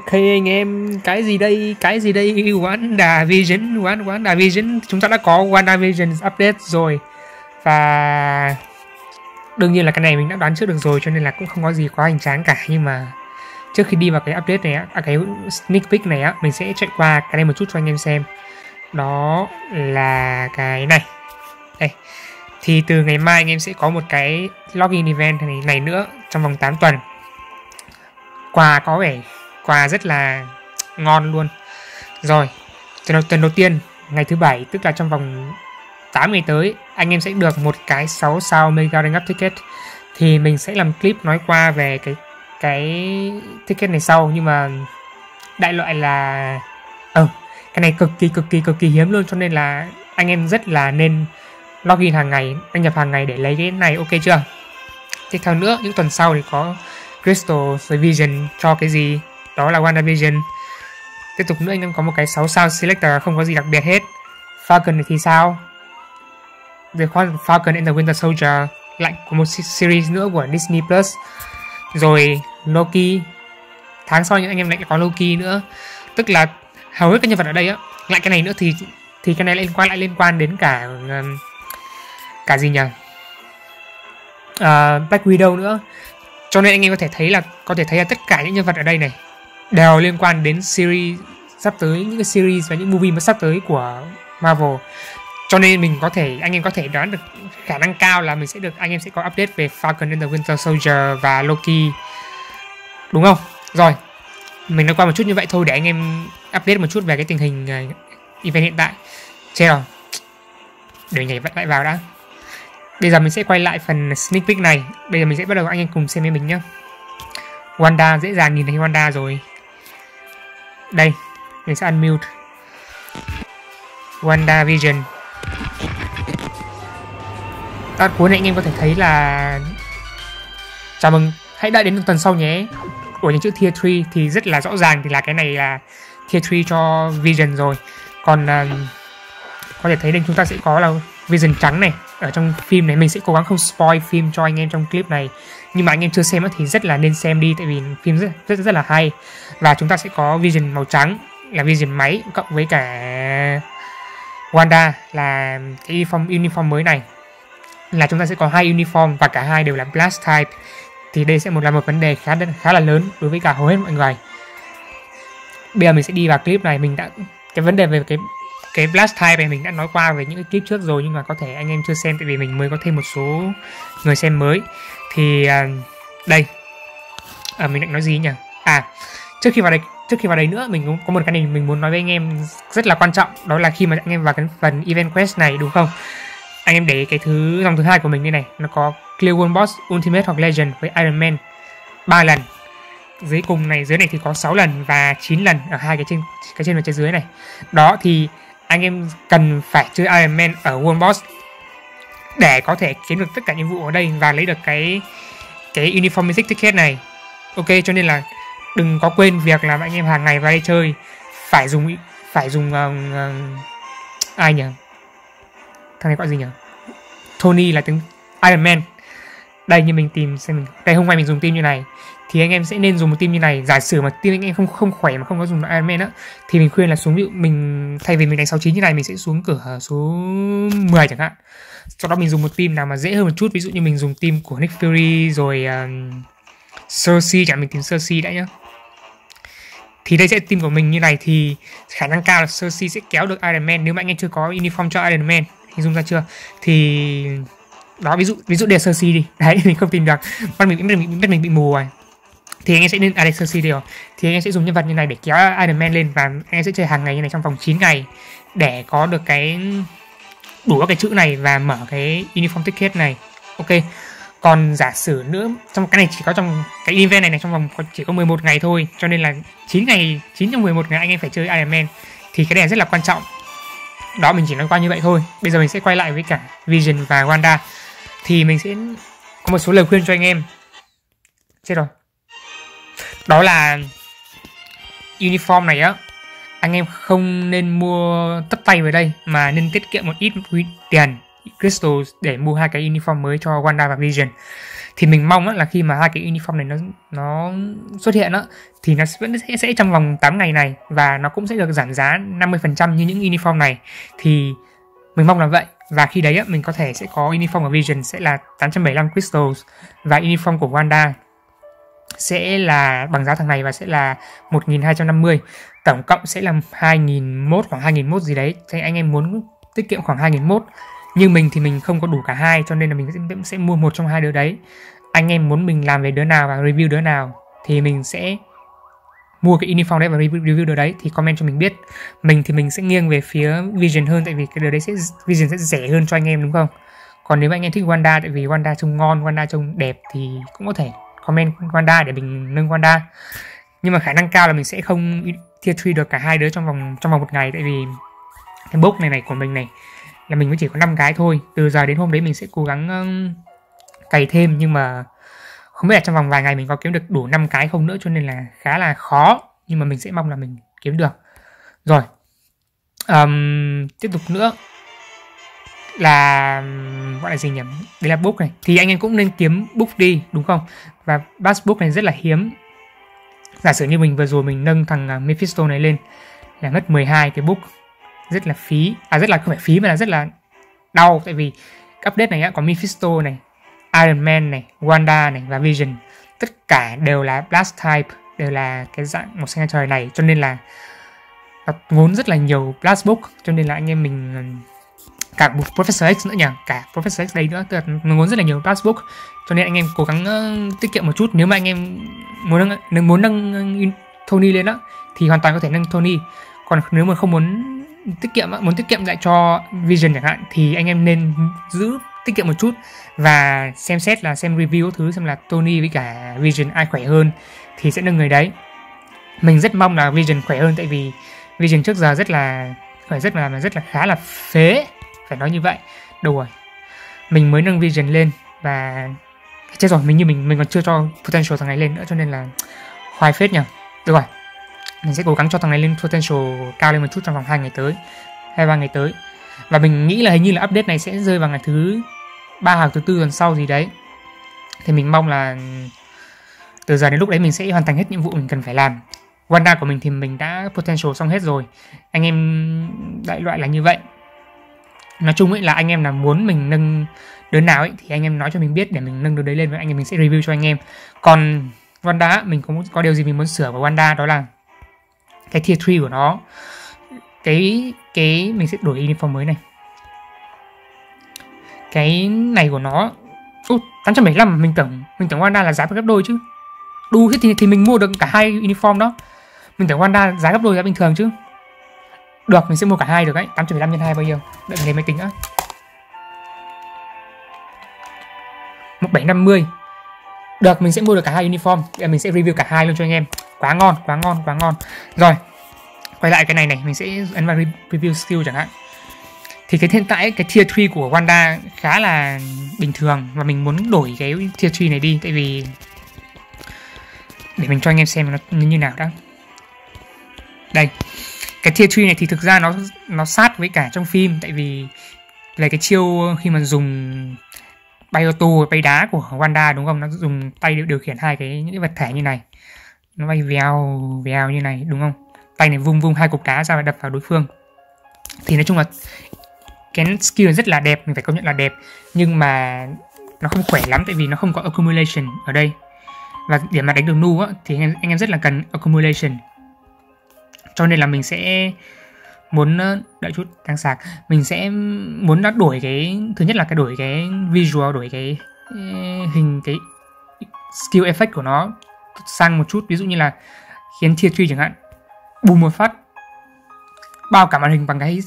Ok anh em, cái gì đây, cái gì đây, WandaVision, WandaVision, chúng ta đã có WandaVision update rồi Và đương nhiên là cái này mình đã đoán trước được rồi cho nên là cũng không có gì quá hành tráng cả Nhưng mà trước khi đi vào cái update này, à, cái sneak peek này, á, mình sẽ chạy qua cái này một chút cho anh em xem Đó là cái này Đây, thì từ ngày mai anh em sẽ có một cái login event này, này nữa trong vòng 8 tuần Quà có vẻ quà rất là ngon luôn rồi tuần đầu, tuần đầu tiên ngày thứ bảy tức là trong vòng 8 ngày tới anh em sẽ được một cái 6 sao mega rank up ticket thì mình sẽ làm clip nói qua về cái cái ticket này sau nhưng mà đại loại là ờ ừ, cái này cực kỳ cực kỳ cực kỳ hiếm luôn cho nên là anh em rất là nên login hàng ngày đăng nhập hàng ngày để lấy cái này ok chưa tiếp theo nữa những tuần sau thì có Crystal Vision cho cái gì đó là WandaVision tiếp tục nữa anh em có một cái 6 sao selector không có gì đặc biệt hết Falcon thì sao The Falcon and the Winter Soldier lại có một series nữa của Disney Plus rồi Loki tháng sau những anh em lại có Loki nữa tức là hầu hết các nhân vật ở đây á lại cái này nữa thì thì cái này liên quan lại liên quan đến cả um, cả gì nhỉ uh, à, Black Widow nữa cho nên anh em có thể thấy là có thể thấy là tất cả những nhân vật ở đây này đều liên quan đến series sắp tới những cái series và những movie mà sắp tới của Marvel cho nên mình có thể anh em có thể đoán được khả năng cao là mình sẽ được anh em sẽ có update về Falcon and the Winter Soldier và Loki đúng không rồi mình nói qua một chút như vậy thôi để anh em update một chút về cái tình hình uh, event hiện tại chưa để nhảy lại vào đã bây giờ mình sẽ quay lại phần sneak peek này bây giờ mình sẽ bắt đầu anh em cùng xem với mình nhé Wanda dễ dàng nhìn thấy Wanda rồi đây, mình sẽ unmute Wanda Vision. Đoạn cuối này anh em có thể thấy là Chào mừng, hãy đợi đến tuần sau nhé Của những chữ Tier 3 thì rất là rõ ràng Thì là cái này là Tier 3 cho Vision rồi Còn uh, có thể thấy nên chúng ta sẽ có là Vision trắng này ở trong phim này mình sẽ cố gắng không spoil phim cho anh em trong clip này nhưng mà anh em chưa xem thì rất là nên xem đi tại vì phim rất rất rất là hay và chúng ta sẽ có vision màu trắng là vision máy cộng với cả Wanda là cái uniform uniform mới này là chúng ta sẽ có hai uniform và cả hai đều là blast type thì đây sẽ một là một vấn đề khá khá là lớn đối với cả hầu hết mọi người bây giờ mình sẽ đi vào clip này mình đã cái vấn đề về cái cái blast type này mình đã nói qua về những cái clip trước rồi nhưng mà có thể anh em chưa xem tại vì mình mới có thêm một số người xem mới thì à, đây à, mình định nói gì nhỉ à trước khi vào đây trước khi vào đây nữa mình cũng có một cái này mình muốn nói với anh em rất là quan trọng đó là khi mà anh em vào cái phần event quest này đúng không anh em để cái thứ dòng thứ hai của mình đây này nó có clear one boss ultimate hoặc legend với iron man ba lần dưới cùng này dưới này thì có 6 lần và 9 lần ở hai cái trên cái trên và trên dưới này đó thì anh em cần phải chơi Iron Man ở World Boss để có thể kiếm được tất cả nhiệm vụ ở đây và lấy được cái cái uniform basic ticket này ok cho nên là đừng có quên việc là anh em hàng ngày vào đây chơi phải dùng phải dùng um, um, ai nhỉ thằng này gọi gì nhỉ Tony là tiếng Iron Man đây như mình tìm xem mình đây hôm nay mình dùng team như này thì anh em sẽ nên dùng một team như này giả sử mà team anh em không không khỏe mà không có dùng Iron Man á thì mình khuyên là xuống ví dụ mình thay vì mình đánh 69 như này mình sẽ xuống cửa số à, 10 chẳng hạn sau đó mình dùng một team nào mà dễ hơn một chút ví dụ như mình dùng team của Nick Fury rồi uh, Cersei chẳng mình tìm Cersei đã nhá thì đây sẽ team của mình như này thì khả năng cao là Cersei sẽ kéo được Iron Man nếu mà anh em chưa có uniform cho Iron Man hình dung ra chưa thì đó ví dụ ví dụ đề sơ si đi đấy mình không tìm được con mình biết mình biết mình bị mù rồi thì anh em sẽ nên à đây sơ si đi rồi thì anh em sẽ dùng nhân vật như này để kéo Iron Man lên và anh em sẽ chơi hàng ngày như này trong vòng 9 ngày để có được cái đủ các cái chữ này và mở cái uniform ticket này ok còn giả sử nữa trong cái này chỉ có trong cái event này này trong vòng chỉ có 11 ngày thôi cho nên là 9 ngày 9 trong 11 ngày anh em phải chơi Iron Man thì cái này rất là quan trọng đó mình chỉ nói qua như vậy thôi bây giờ mình sẽ quay lại với cả Vision và Wanda thì mình sẽ có một số lời khuyên cho anh em chết rồi đó là uniform này á anh em không nên mua tất tay về đây mà nên tiết kiệm một ít tiền crystals để mua hai cái uniform mới cho Wanda và Vision thì mình mong là khi mà hai cái uniform này nó nó xuất hiện á, thì nó vẫn sẽ, sẽ trong vòng 8 ngày này và nó cũng sẽ được giảm giá 50% như những uniform này thì mình mong là vậy và khi đấy mình có thể sẽ có uniform của Vision sẽ là 875 crystals và uniform của Wanda sẽ là bằng giá thằng này và sẽ là 1250 tổng cộng sẽ là 2001 khoảng 2001 gì đấy thì anh em muốn tiết kiệm khoảng 2001 nhưng mình thì mình không có đủ cả hai cho nên là mình sẽ, sẽ mua một trong hai đứa đấy anh em muốn mình làm về đứa nào và review đứa nào thì mình sẽ mua cái uniform đấy và review đồ đấy thì comment cho mình biết mình thì mình sẽ nghiêng về phía vision hơn tại vì cái đồ đấy sẽ vision sẽ rẻ hơn cho anh em đúng không còn nếu anh em thích Wanda tại vì Wanda trông ngon Wanda trông đẹp thì cũng có thể comment Wanda để mình nâng Wanda nhưng mà khả năng cao là mình sẽ không tier 3 được cả hai đứa trong vòng trong vòng một ngày tại vì cái box này này của mình này là mình mới chỉ có 5 cái thôi từ giờ đến hôm đấy mình sẽ cố gắng cày thêm nhưng mà không biết là trong vòng vài ngày mình có kiếm được đủ 5 cái không nữa cho nên là khá là khó nhưng mà mình sẽ mong là mình kiếm được rồi um, tiếp tục nữa là gọi là gì nhỉ đây là book này thì anh em cũng nên kiếm book đi đúng không và bass book này rất là hiếm giả sử như mình vừa rồi mình nâng thằng à, Mephisto này lên là mất 12 cái book rất là phí à rất là không phải phí mà là rất là đau tại vì update này á, có Mephisto này Iron Man này, Wanda này và Vision tất cả đều là Blast type, đều là cái dạng một xanh trời này cho nên là nó vốn rất là nhiều Blast book cho nên là anh em mình cả Professor X nữa nhỉ, cả Professor X đây nữa, tức là nó rất là nhiều Blast book cho nên anh em cố gắng uh, tiết kiệm một chút nếu mà anh em muốn nâng muốn nâng Tony lên đó thì hoàn toàn có thể nâng Tony. Còn nếu mà không muốn tiết kiệm muốn tiết kiệm lại cho Vision chẳng hạn thì anh em nên giữ tiết kiệm một chút và xem xét là xem review các thứ xem là Tony với cả Vision ai khỏe hơn thì sẽ nâng người đấy mình rất mong là Vision khỏe hơn tại vì Vision trước giờ rất là phải ờ, rất là rất là khá là phế phải nói như vậy đâu rồi mình mới nâng Vision lên và chết rồi mình như mình mình còn chưa cho potential thằng này lên nữa cho nên là hoài phết nhỉ được rồi mình sẽ cố gắng cho thằng này lên potential cao lên một chút trong vòng hai ngày tới hai ba ngày tới và mình nghĩ là hình như là update này sẽ rơi vào ngày thứ ba hoặc thứ tư tuần sau gì đấy thì mình mong là từ giờ đến lúc đấy mình sẽ hoàn thành hết nhiệm vụ mình cần phải làm Wanda của mình thì mình đã potential xong hết rồi anh em đại loại là như vậy nói chung ấy là anh em là muốn mình nâng đứa nào ấy thì anh em nói cho mình biết để mình nâng đứa đấy lên và anh em mình sẽ review cho anh em còn Wanda mình cũng có điều gì mình muốn sửa của Wanda đó là cái tier 3 của nó cái cái mình sẽ đổi uniform mới này cái này của nó uh, 875 mình tưởng mình tưởng Wanda là giá gấp đôi chứ đủ thế thì, thì mình mua được cả hai uniform đó mình tưởng Wanda giá gấp đôi giá bình thường chứ được mình sẽ mua cả hai được đấy 875 nhân hai bao nhiêu đợi mình lấy máy tính á 1750 được mình sẽ mua được cả hai uniform để mình sẽ review cả hai luôn cho anh em quá ngon quá ngon quá ngon rồi quay lại cái này này mình sẽ ấn vào review skill chẳng hạn thì cái hiện tại cái tier 3 của Wanda khá là bình thường và mình muốn đổi cái tier 3 này đi tại vì để mình cho anh em xem nó như, nào đã đây cái tier 3 này thì thực ra nó nó sát với cả trong phim tại vì là cái chiêu khi mà dùng bay ô tô bay đá của Wanda đúng không nó dùng tay điều khiển hai cái những cái vật thể như này nó bay vèo vèo như này đúng không tay này vung vung hai cục đá ra và đập vào đối phương thì nói chung là cái skill rất là đẹp mình phải công nhận là đẹp nhưng mà nó không khỏe lắm tại vì nó không có accumulation ở đây và để mà đánh được nu á, thì anh em, anh em rất là cần accumulation cho nên là mình sẽ muốn ờ, đợi chút đang sạc mình sẽ muốn đã đổi cái thứ nhất là cái đổi cái visual đổi cái ờ, hình cái skill effect của nó sang một chút ví dụ như là khiến tier 3 chẳng hạn bùm một phát bao cả màn hình bằng cái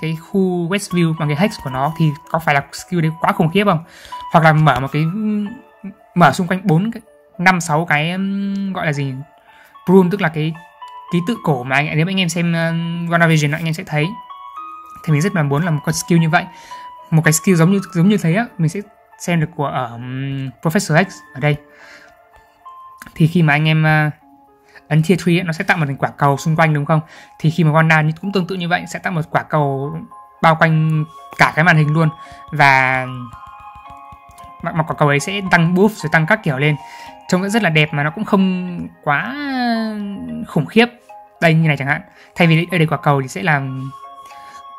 cái khu Westview bằng cái hex của nó thì có phải là skill đấy quá khủng khiếp không hoặc là mở một cái mở xung quanh bốn năm sáu cái gọi là gì prune tức là cái ký tự cổ mà anh, nếu anh em xem uh, WandaVision anh em sẽ thấy thì mình rất là muốn là một con skill như vậy một cái skill giống như giống như thế á mình sẽ xem được của ở Professor X ở đây thì khi mà anh em uh, ấn tia tree nó sẽ tạo một quả cầu xung quanh đúng không thì khi mà Wanda cũng tương tự như vậy sẽ tạo một quả cầu bao quanh cả cái màn hình luôn và mà quả cầu ấy sẽ tăng buff rồi tăng các kiểu lên trông rất là đẹp mà nó cũng không quá khủng khiếp đây như này chẳng hạn thay vì đây đây quả cầu thì sẽ làm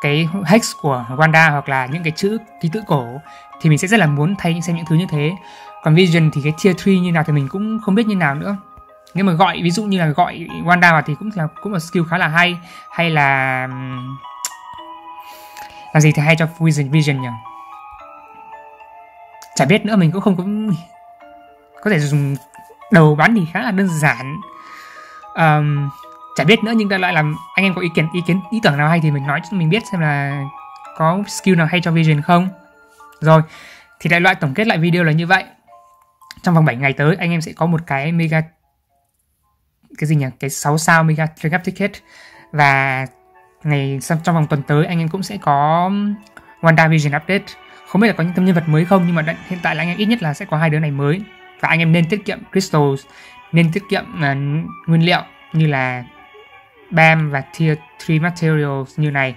cái hex của Wanda hoặc là những cái chữ ký tự cổ thì mình sẽ rất là muốn thay xem những thứ như thế còn Vision thì cái tier 3 như nào thì mình cũng không biết như nào nữa nếu mà gọi ví dụ như là gọi Wanda vào thì cũng là cũng là skill khá là hay hay là làm gì thì hay cho Vision Vision nhỉ chả biết nữa mình cũng không có có thể dùng đầu bắn thì khá là đơn giản um, chả biết nữa nhưng đại loại là anh em có ý kiến ý kiến ý tưởng nào hay thì mình nói cho mình biết xem là có skill nào hay cho Vision không rồi thì đại loại tổng kết lại video là như vậy trong vòng 7 ngày tới anh em sẽ có một cái mega cái gì nhỉ cái 6 sao mega draft ticket và ngày trong vòng tuần tới anh em cũng sẽ có um, wanda vision update không biết là có những tâm nhân vật mới không nhưng mà đã, hiện tại là anh em ít nhất là sẽ có hai đứa này mới và anh em nên tiết kiệm crystals nên tiết kiệm uh, nguyên liệu như là BAM và Tier 3 Materials như này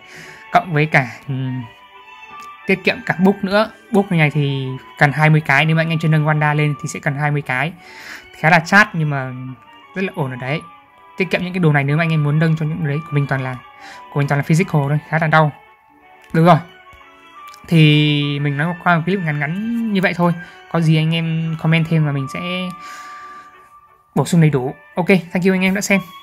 cộng với cả um, tiết kiệm cả book nữa book này thì cần 20 cái nếu mà anh em chưa nâng Wanda lên thì sẽ cần 20 cái khá là chát nhưng mà rất là ổn ở đấy tiết kiệm những cái đồ này nếu mà anh em muốn nâng cho những đấy của mình toàn là của mình toàn là physical thôi khá là đau được rồi thì mình nói qua một clip ngắn ngắn như vậy thôi có gì anh em comment thêm và mình sẽ bổ sung đầy đủ ok thank you anh em đã xem